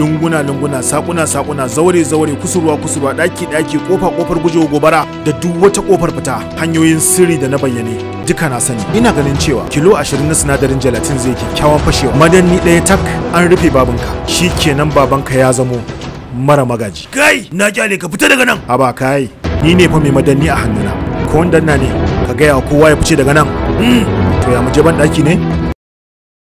lunguna lunguna sakuna sakuna zaure zaure kusurwa kusurwa ɗaki daki kofa kofar gujewa gobara da duk wata kofar fita hanyoyin sirri da na bayyane duka na sani ina ganin cewa kilo 20 na sinadarin gelatin zai kyakkyawan fashewa madanni ɗaya tak an rufe babanka shikenan babanka ya zamo mara magaji kai na kyale ka fita daga nan a kai ni ne fa mai madanni a hannuna ko wanda ne ka gaya kowa ya fice daga nan hmm. to ya muje ban daki ne